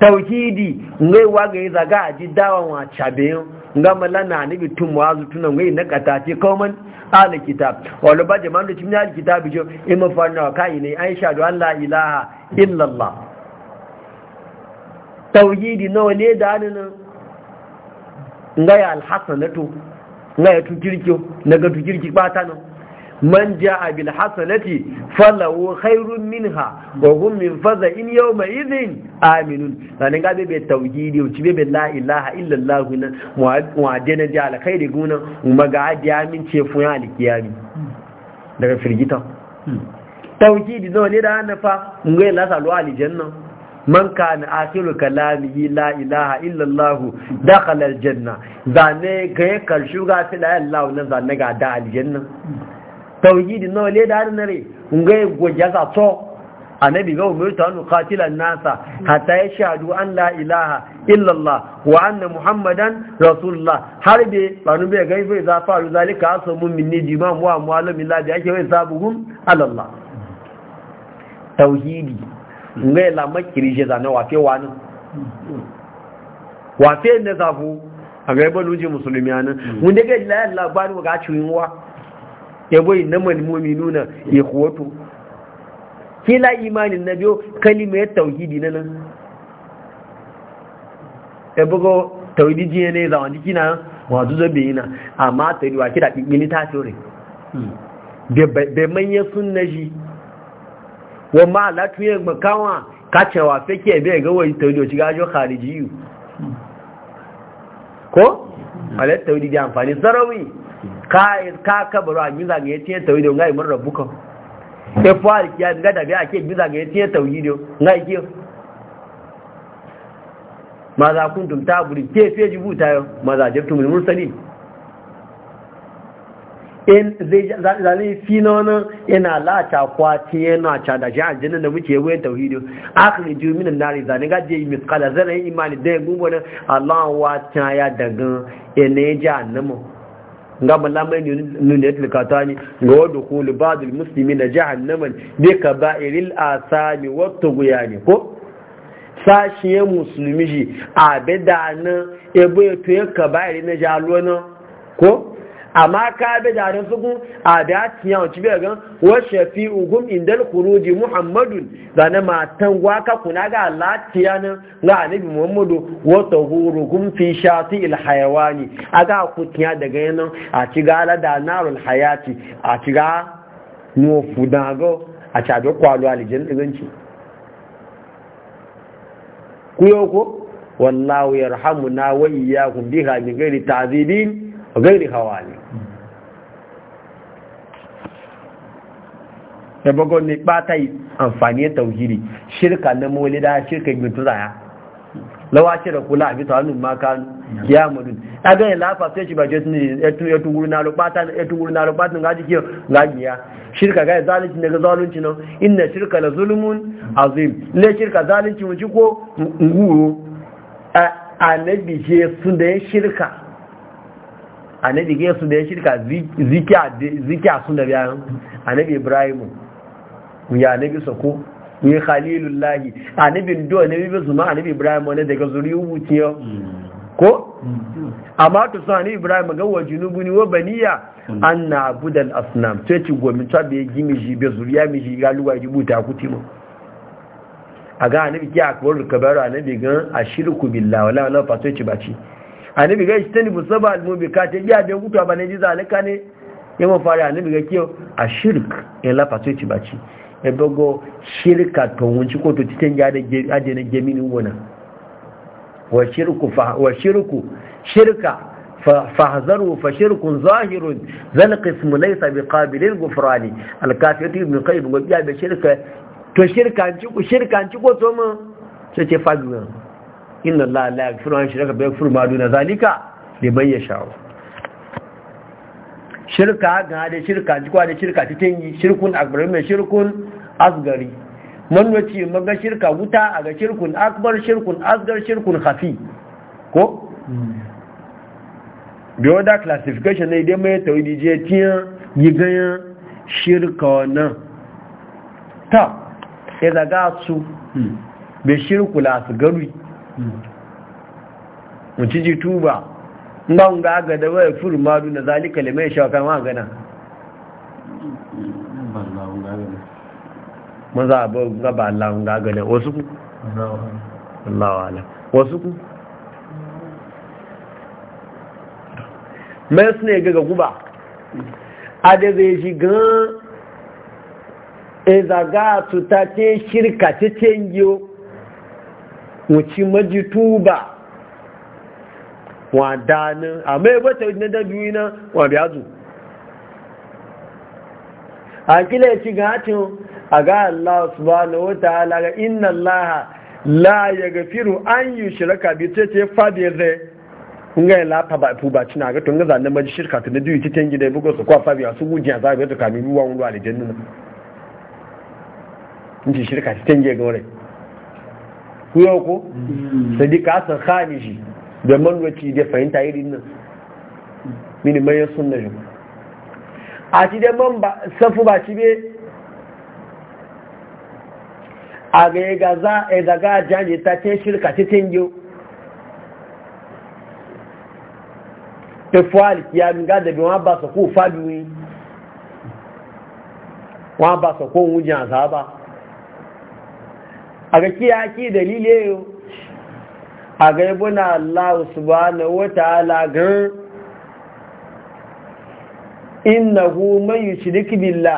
tauhidi ngai waga yi zaga ji dawan wa chabe nga mala na annabi tun wazu tun ngai na katati kauman ala kitab wala ba jama'an da cimin al kitab jo imma farna kai ne aisha do Allah ilaha illallah tauhidi nawa ne da nan nga ya alhasanatu ngaya tu tukirki na ga tukirki bata nan man jaa bil hasanati falahu khairun minha wa hum min in yawma idhin aminun dan ga be tauhidi uci be la ilaha illa allah na wa dena ja al khairi guna kuma ga adi amin ce fun alkiyami daga firgita hmm. tauhidi no ne da annafa ngai la salu aljanna man na akiru kalamihi la ilaha illa Allah zane ga karshu ga sai la Allah zane ga da aljanna tauhidi nawa le da nare ngai goja za to annabi ga umar ta nu qatilan nasa hatta yashhadu an la ilaha illa wa anna muhammadan rasulullah har bai banu bai ga ife za faru zalika asamu minni jimam wa mu'allim la bi ake wai sabuhum gun Allah tauhidi ngai la makiri je zana wafe wani wafe ne zafu a ga ibanu ji musulmi ana mun mm. daga la la bani ga ciwin wa yabo innamal mu'minuna ikhwatu kila imanin na biyo kalimar tauhidi na nan ẹgbogbo tauhidi jiye ne zawon jiki na wazu zobe yi na amma tauhidi wa kira ƙiƙini tasiri mm. bai manyan sun na shi wọ́n máa látúnyẹ gbọ̀n káwọn fẹ́kẹ́ ẹ̀bẹ́ ìgọ́wọ̀ ìtẹ̀lẹ̀ òṣìgájọ́ kàrìjì yìí ko? alẹ́tẹ̀wò dìde àǹfààní sọ́rọ̀wì káàkàbọ̀rọ̀ àgbínzàgbẹ̀ tí ma za ta buri ke ma za mursalin in zai fi na wani yana lata kwati yana ca da shi jinin da muke wayan tauhidu akhri ju min nari zane ga je mi kala zana imani da ya na Allah wa ta ya daga ya ji namu ga lamar nuna yatul ne ga wadda kulu musulmi da na jahannaman bi ka ba ba'iril asami wata guya ne ko ya musulmi shi a bida na ebe to ya ka iril na ji na ko amma ka bi da ran a da tiya wuci bi ga wa shafi'uhum indal khuruji muhammadun da na matan waka kuna ga latiya na ga anabi muhammadu wa tahurukum fi shati'il hayawani aga ku tiya daga yanan a ci ga da narul hayati a ci ga nuwa fudago a ci a kwalo alijin ɗiganci ku wallahu yarhamuna wa iyyakum biha min ghairi gairi hawa ne da bagon ne bata yi amfani ya tauhiri shirka na molida shirka gintu zaya lawa da kula a bisa hannun maka ya mudu a ga yi lafa sai shi ba jesu ne ya tunguru na lubata ya tunguru na lubata ga jiki ga giya shirka ga zalunci daga zalunci nan inna shirka la zulmun azim le shirka zalunci wuci ko nguru a nabi je sun da ya shirka annabi ga su da ya shirka zikiya sun da biyan annabi ibrahim ya annabi sako ya khalilullahi annabin do annabi bi zuma annabi ibrahim wani daga zuri wuciya ko amma to sun annabi ibrahim ga nubu ni wa baniya an na da asnam sai ci gomi ta be gimi bai zuri ya mi galuwa ya luwa ta kuti ma a ga annabi ki akwai rukabaru annabi gan ashirku billahi wala wala fato ci baci annabi ga istani musaba almubika ta iya da gutu ba ne ji ne ya mu fara annabi ga kiyo a shirk ya lafa to ci baci ya bago shirka to ko to titan ya da na gemini wona wa shirku fa wa shirku shirka فاحذروا فشرك ظاهر ذا القسم ليس بقابل الغفران الكافر ابن قيم وجاء بشركه تو شركان شركان شكو تو ما تشي فاغنا inna Allah la yaghfiru an shirka bi yaghfiru ma duna zalika liman yasha shirka ga da shirka jikwa da shirka titin shirkun akbar mai shirkun asgari man wace maga shirka wuta a ga shirkun akbar shirkun asgar shirkun khafi ko da wadda classification ne idan mai tawidi je tiya yi ganyen shirka wannan ta sai da su hmm. bai shirku la su mutu ji tuba ban ga aga da waya furu madu na zalika limai shaka ma gana maza ba ga ba Allah ga wasu ku Allah wasu ku mai sune ga guba a da zai shi gan ezaga tutate shirka ta tengiyo wuci majituba wa danin amma ya bata na dabiwi na wa biyazu a kila ya ci gacin a ga Allah subhanahu wa ta'ala ga inna Allah la ya gafiru an yi shirka bi ce ce fabiyar zai nga ya lafa ba tuba cina ga tun ga zanen maji shirka ta na biyu ta tangi da bugu su kwa fabiya su guji a zaɓe ta kamin ruwan ruwa da jannu na. Nci shirka ta tangi ga wurin. kuyo ko da dika asar khamiji da manwaci da fahimta irin nan mini mayan sunna shi a ti da man ba safu ba ci be a ga ya gaza ya zaga janje ta ce shirka ta tengiyo ta e fuwali ya ga da bi wọn ba su ko fadi Wani ba su ko wujen azaba a ga ake dalile yau a ga ibuna Allah subhanahu wa ta'ala gan innahu man yushrik billah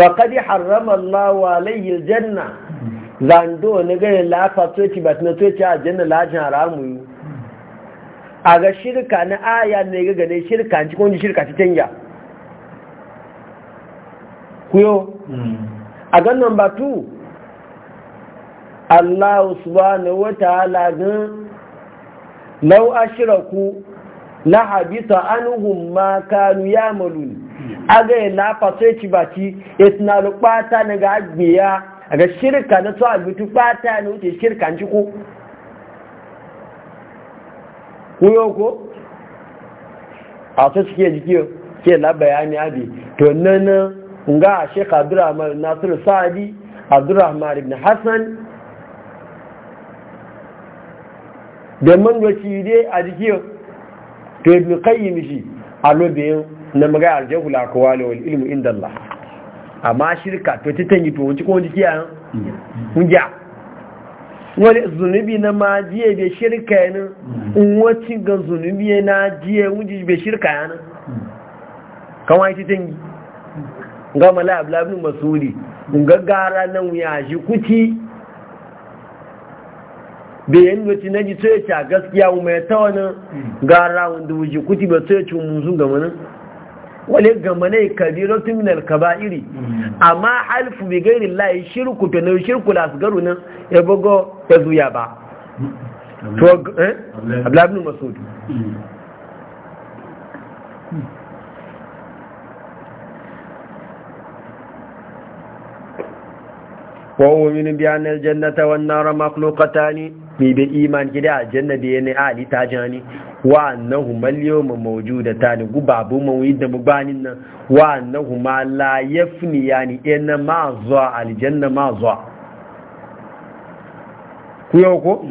faqad harrama Allah alayhi aljanna zando ne ga la fato ci bat na to ci aljanna la jan haramu a ga shirka na aya ne ga gane shirka ci kun shirka ci canja kuyo mm. a ga number 2 Allah subhanahu wa ta'ala gan law ashraku la habita anhum ma kanu yamalun aga la fasoci baki isna lubata na ga agbiya aga shirka na to abitu bata ne wuce shirka ci ko kuyo ko a to suke jiki ke la bayani abi to nan nga Sheikh Abdulrahman Nasir Sa'di Abdulrahman ibn Hassan da man dai a jiki to ibn qayyim shi a lobe na maga aljahul akwali wal ilmu inda Allah amma shirka to ta yi to ci ko wuce Mun wuja wani zunubi na ma jiye bai shirka yana wacin ga zunubi na jiye wuce bai shirka yana kawai ta tangi ga mala abulabin masuli ga gara nan ya shi kuti bayan yaci na ji sai ci a gaskiya mai ta wani gara wanda wuce kuti ba sai ci musu gama mana wale gama ne kabiru tuminal iri. amma alfu bai gairi layi shirku ta na shirku lasgaru nan ya bugo ya zuya ba to eh abdullahi masud وهو من بأن الجنة والنار مخلوقتان ni be iman gida aljanna da ne ali ta jani wa annahu mal yawma mawjudatan gubabu mu mubanin nan wa annahu ma la yafni yani inna ma zuwa aljanna ma zuwa ku yau ko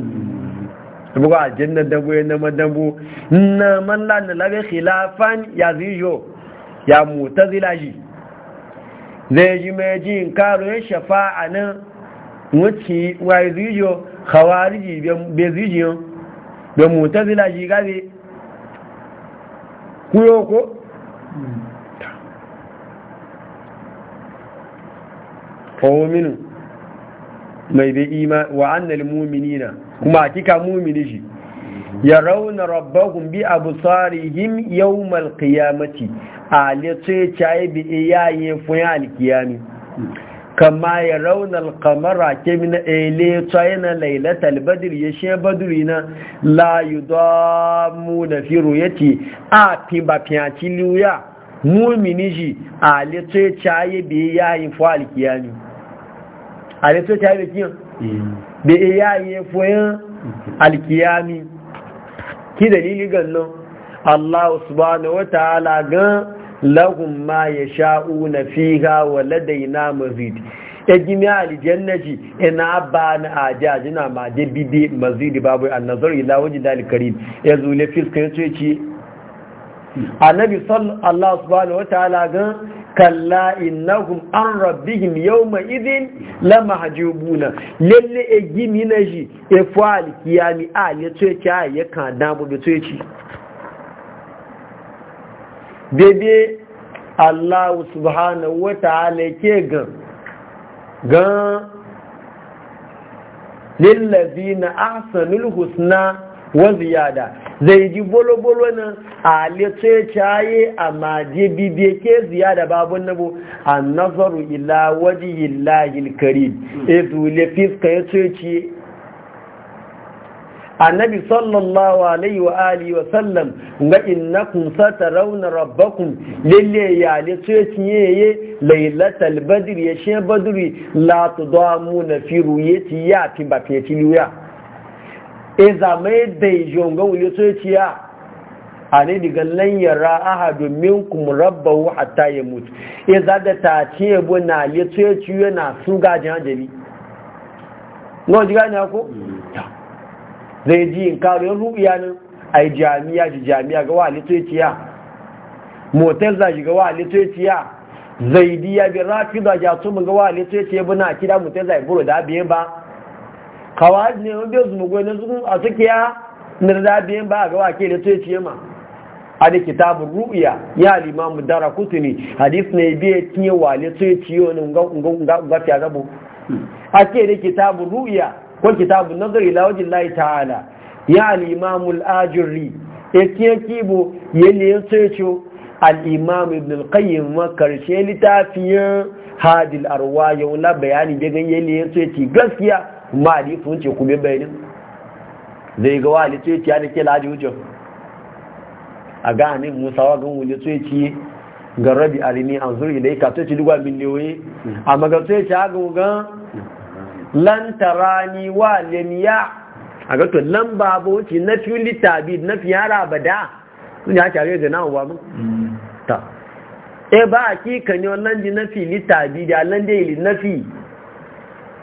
bugu aljanna dabu yana dambu na man la na labe khilafan ya zijo ya mutazila ji zai ji mai ji in karo ya shafa'a nan wuce wa zijo kawariji be zijiyan be mutazila ji gabe kuyo ko fahiminu mai da ima wa annal muminina kuma kika mumini shi ya rauna rabbahun bi abu tsarihim yau malkiyamati a lece caye bi iyayen funyan alkiyami kama ya raunar kamara ke mina ele china lailatar badir ya she badiri na layudamu na firo ya ce a fimbafiyanci liya mumini ji a litoyi caye bai yayin fo alkiyami a litoyi caye bai kiyan eh. bai yayin foyan alkiyami ki dalilin gannan Allahu subhanahu wa ta'ala gan lahum ma fi fiha wa ladai ladaina mazid e e na ji ina na ajiya jina ma je bide mazidi babu a nazar ila Ya dal-karim yazule e fiskan yace annabi sallallahu subhanahu wa ta'ala gan kalla innahum an rabbihim yawma idhin lamahjubuna lalle ejimi na e fo alkiyami a a ya kan da bu yace bebe Allah subhanahu wa ta'ala ke gan gan lillazina ahsanul husna wa ziyada zai ji bolobolo na nan a lice caye a maje bibiye ke ziyada babun nabo a nazaru ila wajiyin lahil karim hmm. ezu le fiska ya ce annabi sallallahu alaihi wa alihi wa sallam ga innakum satarawna rabbakum lille ya le ya yeye la'ilatal, badri ya she badri la tudamuna fi ruyati ya fi ba fi tiliya e zamai dai jonga wuli tsoyaciya ane diga lan yara ahadu minkum rabbahu hatta yamut e za da ta ce bu na le tsoyaciya na su gajin ajali no diga ne ko zai ji in kariyar rubiya nan a yi jami'a ji jami'a ga wali tuwaciya motar zaji ji ga wali tuwaciya zai di ya bi rafi da ja su ga wali tuwaciya buna kida motar za yi buru da biyan ba kawai ne wani bai zuma gwai na zuku a suke ya na da biyan ba ga wake da tuwaciya ma a da kitabun rubiya ya limamu dara kutuni hadis ne biya kinye wali tuwaciya wani ngafiya gabo a ke da kitabu rubiya ko kitabun nazari ila wajen layi ta'ala ya al'imamul al’ajirri ya kiyar kibo yanayin ya tsoyo al’imamu ibn al’ayyar makarshe ma karshe littafiyan hadil arwa yau na bayani daga ganye ne ya tsoyo gaskiya ma nifin ce kuma bayanin zai ga wa alitsoyo ce ya da ke laji hujjan a ganin musawa gan wuli tsoyo ce ga rabi alini an zuri da ya kato ce duwa miliyoyi a magatsoyo ce tarani wa lemiya a to nan babu wuce na fi littabi na fi yara bada sun ya tare da na wa mun ta e ba a kika ne wannan ji na fi littabi da allan da ili na fi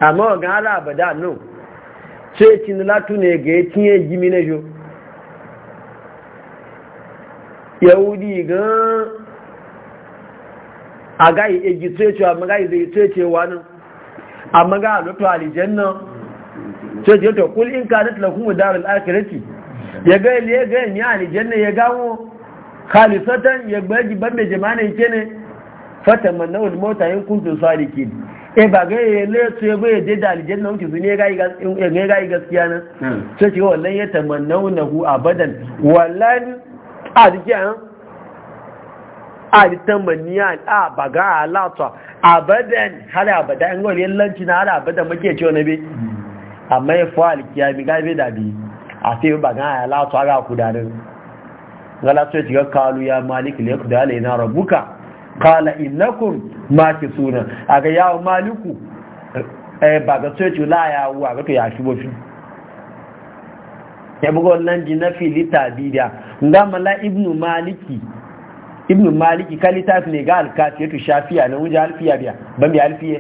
amma wa ga hara bada no ci na latu ne ga ya cinye jimi na jo yahudi ga a gayi egitsocewa magayi zai tsocewa nan amma ga halittu alijanna ce ce to kul in kanat lakum darul al'akirati ya ga ya ga ni alijanna ya gawo khalisatan ya gbaji bambe jama'a ke ne fatamanna wal mota yin kuntun sadiki e ba ga ya le su ya bai je da aljanna wuce su ne ya ga eh, gaskiya nan hmm. ce ce wallan ya tamannahu abadan wallan a dikiya Ali ta maniya a baga a abadan har abada in gwani yallanci na har abada muke ciwo na bi amma ya fi alkiya mi gabe da bi a sai yi baga a lata ga kudanin gala sai ga kalu ya malik da ya da ala na rabuka kala innakum maki suna a ga yawon maliku eh, eh, baga sai ciwo la ya wu ga to ya shi bofi ya buga wannan jinafi lita bidiya ga mala ibnu maliki ibn maliki ka fi ne ga alkafiyatu shafiya na wujen alfiya biya ban biya alfiye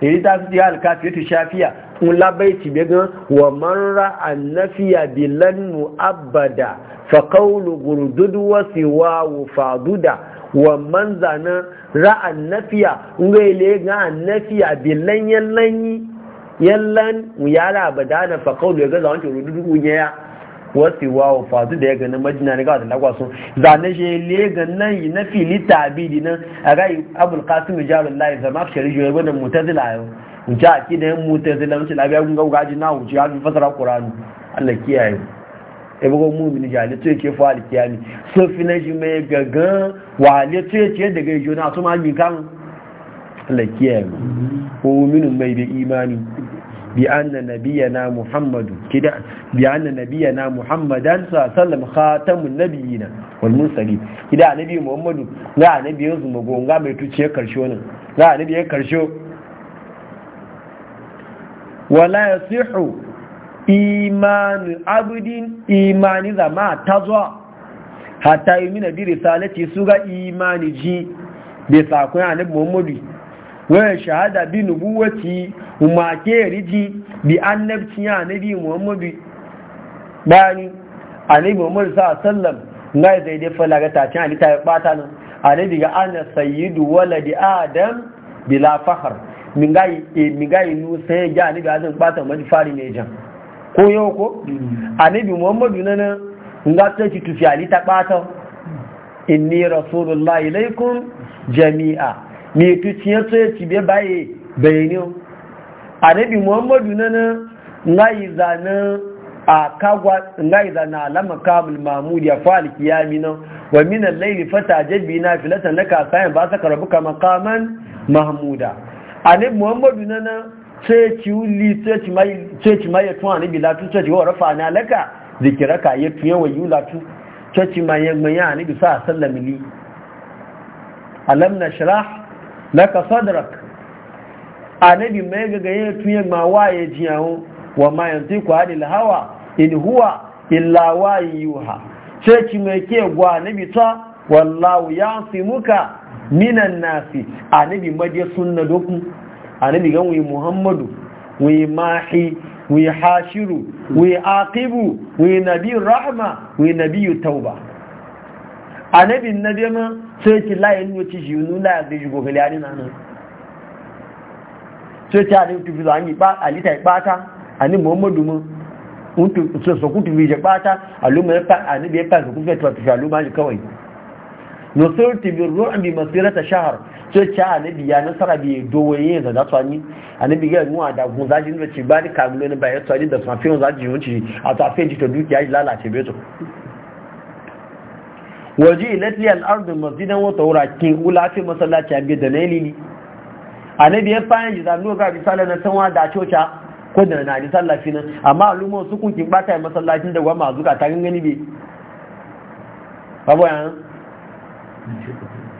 ne eh, littafi ne ga alkafiyatu shafiya kun labaiti bai gan wa marra annafiya bilan mu'abbada fa qawlu gurdudu wa siwawu faduda wa man zana ra annafiya ngele ga annafiya bilan yallan yallan yala na fa qawlu ya zan wancan rududu ya wasu wa fasu da ya ganin majina ne ga da Za zane shi le ganin yi na fili tabidi nan a gai abul qasim jarul lahi zama shari joye gwanin mutazila yau in ci aki da yan mutazila mun ci labiya kun gauga ji na wuce ya fi fasara qur'ani Allah kiyaye e bugo mu'mini jali to yake fa alkiyami so fina shi mai gagan wa le to yake daga jona su ma mi kan Allah kiyaye mu mm-hmm. mu'minin mai da imani bi anna nabiyana muhammadu kida bi anna nabiyana muhammadan sallam khatamun nabiyina wal mursalin kida annabi muhammadu ga annabi yanzu magonga mai tuciye karshe nan ga annabi ya karshe wala ya yasihu imanu abudin imani zama ta zuwa, hatta yumina bi risalati suga imani ji bi sakon annabi muhammadu wọ́n ṣàhádà bí nùbúwọ́ ti umarke ríjí bí annabci ya nabi muhammadu bayani anabi muhammadu sa sallam nga zai dai falaga tacin halitta ya bata nan anabi ga ana sayyidu waladi adam bila fahar min gayi nusa ya ga anabi azin bata maji fari ne jan ko yau ko anabi muhammadu na nan nga ta ci tufi halitta bata inni rasulullahi laikum jami'a mai tuciyar so ya be baye ni o. nabi muhammadu na na zana zanen a kagwa alama kabul mamudi ya fa'al kiyami nan wa min al fata jabi na filatan na sayan ba sa karabu kama kaman mahmuda a nabi muhammadu na na ceci wuli ci ma ya tun a nabi latu ci wa rafa na laka zikiraka ya tuye wa yula tu ce ma ya gbanya a nabi sa sallamili alam nashrah laka sadrak anabi mai ga yin tunye ma waye jiyawo wa ma yanzu ku hadil hawa in huwa illa wayuha sai ki mai ke gwa anabi ta wallahu yasimuka minan nasi anabi maje sunna doku anabi gan wi muhammadu wi mahi wi hashiru wi aqibu wi nabi rahma wi nabi tauba anabi na dai mun sai ki laye ni wuce shi la da jigo gali ani nan sai ta ni tufi zan ani muhammadu mun untu so so kuntu bi je ba ta aluma pa ani bi pa ku fe to tufi aluma ji kawai nusirti bi ru'bi masirata shahr sai ta annabi ya nasara bi dowaye da da tsani annabi ga mu da gun zaji ne ci ba ni kamulo ne ba ya tsani da tsafin zaji yunci a ta fe ji to dukiya lalace be waje ilati al'ardun masjidan wata wura ke wulafi masallaci a biyu da na ilili a na biyar fayan ji zaɓi ga misalin na sanwa da coca ko da na ji sallafi nan amma al'umma su kin bata yi masallacin da gwamma zuka ta gangani bai babu yan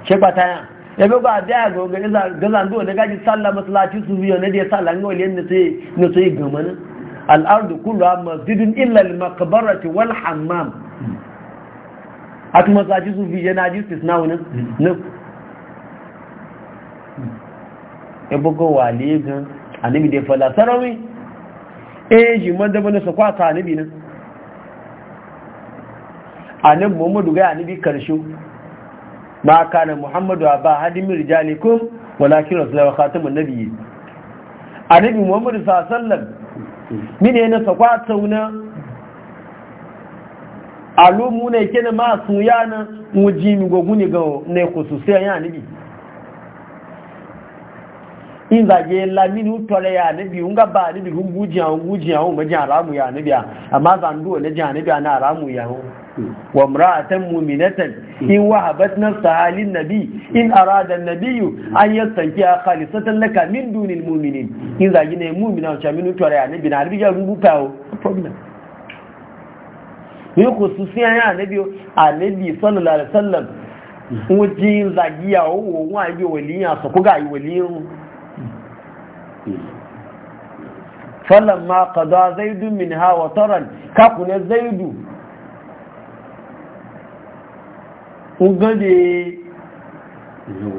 shekwa ta yan ya bi ba da ya gogani gazando na gaji sallah masallaci su biyu na da ya sallah ga waliyan na sai gamanin al'ardu kullu masjidun illa al-maqbarati wal hammam a kuma sashi sufi yana ji su suna wani nan ya buga wale gan annabi eh, da ya fala sarari eh ji madaba na sakwa ta annabi nan annabi muhammadu ga annabi karshe ma kana muhammadu ba hadin rijalikum walakin rasulullahi khatamun nabiyyi annabi muhammadu sallallahu alaihi wasallam mine na sakwa tauna alumu ne kene ma sun ya nan wuji mi gogun ne ga ne khususi ya ni bi in za je la nu tole ya ni bi unga ba ni bi guji an guji an ma ji ramu ya ni biya amma zan do ne jan ni biya na ramu ya ho wa mra'atan mu'minatan in wahabat nafsa halin nabi in arada an-nabiy a khalisatan laka min dunil mu'minin in za je ne mu'mina cha minu tole ya ni bi na ni biya gugu problem ni khususiyan ya nabi annabi sallallahu alaihi wasallam wuji zagiya wo wa yi waliya so ko ga yi waliyin falamma qada zaid minha wa taran ka kuna zaid ugade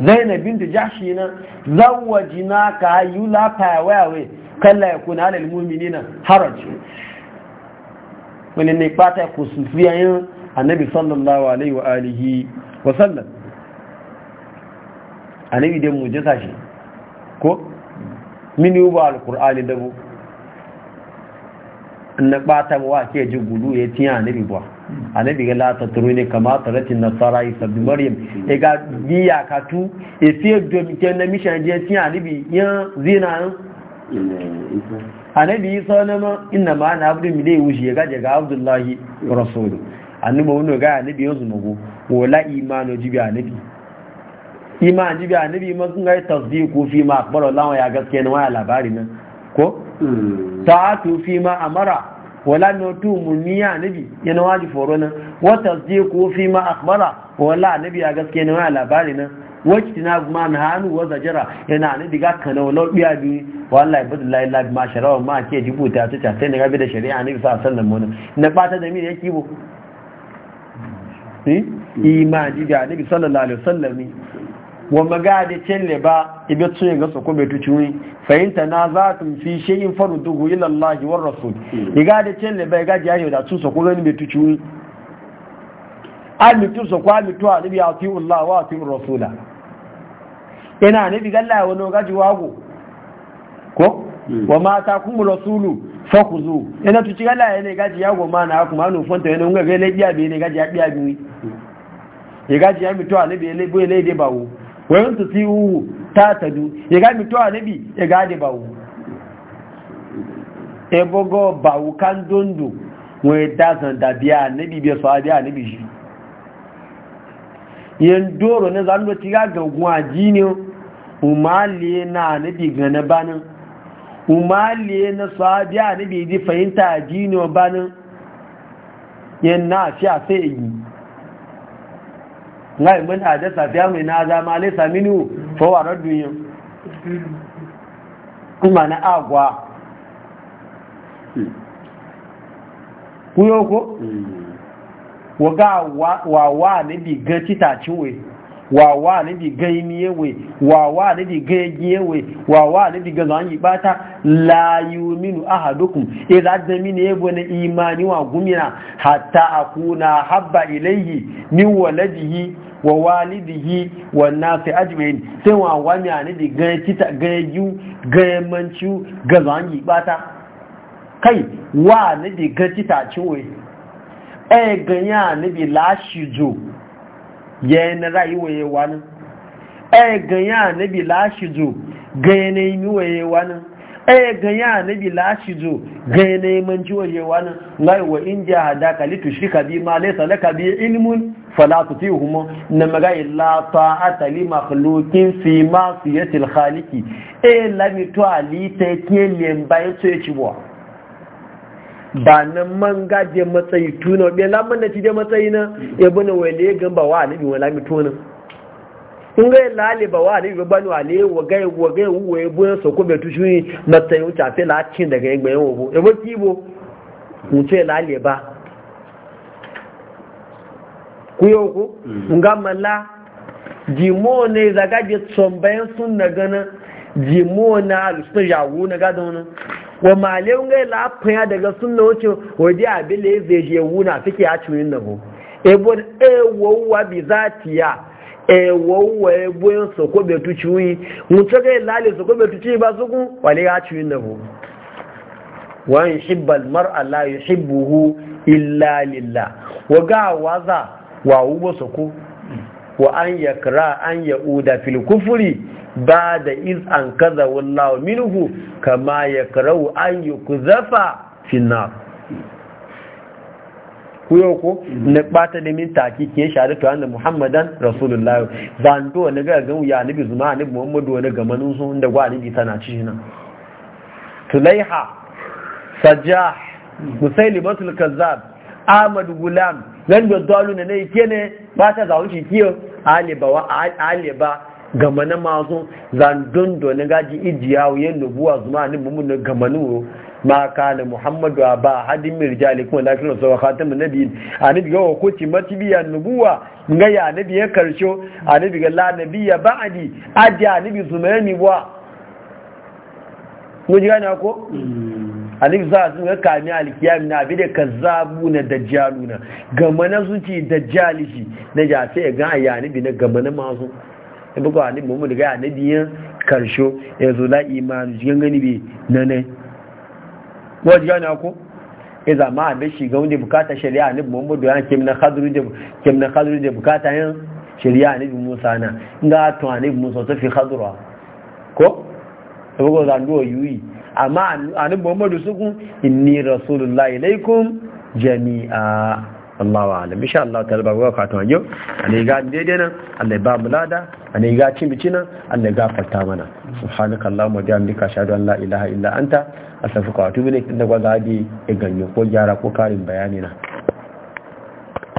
zainab bint jahshi na zawajina ka yula fawawe kalla yakuna alal mu'minina haraj wani ne fata ko yayin annabi sallallahu alaihi wa alihi wa sallam annabi dai mujiza shi ko mini uba alqur'ani dabo na bata wa ke ji gudu ya tiya annabi ba annabi ga la ta turune kama taratin nasara isa bi maryam e ga biya katu e fi do mi ke na mission je tiya annabi yan zina annabi isa na ma inna ma na abdu mi dai wuce ga daga abdullahi rasulu annabi wani ga annabi yanzu mago wala imanu jibi annabi iman jibi annabi ma sun ga tasdiqu fi ma akbara lawa ya gaske ne waya labari nan ko hmm. ta'atu fi ma amara wala notu muniya annabi yana waji foro nan wa tasdiqu fi ma akbara wala annabi ya gaske ne waya labari nan wakiti na kuma na hannu wa jira yana ne diga kana wala biya bi wallahi layi labi ma sharawa ma ke jibuta ta ta sai na gabi da shari'a ne sa sannan mu na bata da mini yake bo eh hmm? imani da nabi sallallahu alaihi wasallam wa magadi celle ba ibe tsoye ga su kuma tuci fahimta na za tun fi shayin faru duhu ila hmm. Allah wa rasul can celle ba igadi yayo da tun so ko gani be tuci wi an mutu so ko an mutu a nabi ya fi Allah wa fi rasula ina nabi galla wani gaji wago ko hmm. wa ma ta kuma rasulu fa ku zo ina tuci galla ne gaji yago ma na kuma no fonta ne nga gele biya be ne gaji biya biyu ya gaji ya mito ale be le boye le de bawo wa yantu si u ta tadu ya gaji mito ale bi ya gaji bawo e bogo bawo kan dondo wai dazan da biya nabi biya sahabi nabi shi yan doro ne zan do tiga ga gwaji ne umaliye na anabi gane banin umaliye na sahabi anabi ji fahimta wa banin yana fi a sai yi mun fi na zama kuma na agwa kuyo ko mm. wa anabi citacin wai wawa ne di gai miyewe wawa ne di gai giyewe wawa ne di an yi bata la yuminu ahadukum idza zamini yebo ne imani wa gumina hatta akuna habba ilayhi min waladihi wa walidihi wa nasi ajma'in sai wa wami ne di gai kita yi yu gai manchu gazan yi bata kai wa ne di gai kita ciwe e ganya ne bi lashi jo yayin na rayuwa ya wani ɗaya e, ganya bi lashi zo ga na yi waye wani ɗaya e, ganya bi lashi zo na yi manci waye wani laiwa in ji hada ka litu shi ka bi ma laisa na ka bi ilimin falatu ti humo na magayi lata atali makhlukin fi ma fiye tilhaliki e lamito alita kiyen lembayin so ya ci buwa ba nan man gaje matsayi tuna bai lamar da cide matsayi na ya bane wale gan ba wa alibi wala lami tuna kun ga lale ba wa alibi ba ni wale wa ga wa ga wa ya bune so ko be tushu matsayi wuce afi la cin daga egbe gbayan obo ya bo kibo mu ce lale ba ku yo ku mm. ga mala jimo ne zagaje tsombayan sun na na jimo na alusta yawo na gadon nan wa malai ngai lafiya daga sunna wuce waje abile zai je wuna fike ya cuyin nabo ebo ewowa bi zatiya ewowa ebo yin soko betu cuyi mutu kai lale soko betu cuyi ba suku wale ya cuyin nabo wa yuhibbal mar'a la yuhibbuhu illa lillah wa ga waza wa ubo soko wa an yakra an yauda fil kufri ba da iz an kaza wallahu minhu kama ya an yi ku zafa kuyo ko mm-hmm. ne bata da min taki ke shari to annabi muhammadan rasulullah zando ne ga gan ya nabi zuma ne muhammadu wani gamanin sun inda gwa ne tana ci nan tulaiha sajjah mm-hmm. musailimatul kazzab ahmad gulam nan da dalu ne ne kene bata ta zawo shi kiyo aliba wa aliba gama na mazu zandun doni gaji ijiya wuyen nubuwa zuma ni mu na gama nuro ma kana muhammadu a ba hadin mirjali kuma na kiran sawa khatamin nabi a nabi ga hukunci matibiya nubuwa nga ya nabi ya karsho a nabi ga la nabi ya ba'adi aji a nabi zuma ni buwa mu ji gane ko mm. alif za su ga kami alkiyami na bi da kazzabu na dajjaluna gama na suci shi na ja sai ga ya nabi na gama na masu ya bugu a nabi gaya ga anabiyan karsho ya zo la imanu jigan gani bi na ne wajen gani ko ya zama a bai shiga wanda bukata shari'a nabi muhammadu ya ke na hadiru da bukata yin shari'a nabi musa na a to nabi musa ta fi khadruwa ko ya bugu zanduwa yuyi amma a nabi muhammadu kun inni rasulullahi ilaikum jami'a Allah wa alam insha Allah ta barwa ka yau anai ga daidai nan Allah ba mu lada anai ga cin nan Allah ga farta mana subhanaka allahumma bihamdika ashhadu an la ilaha illa anta astaghfiruka wa atubu ilaik inda gwazabi e ganyo ko gyara ko karin bayani na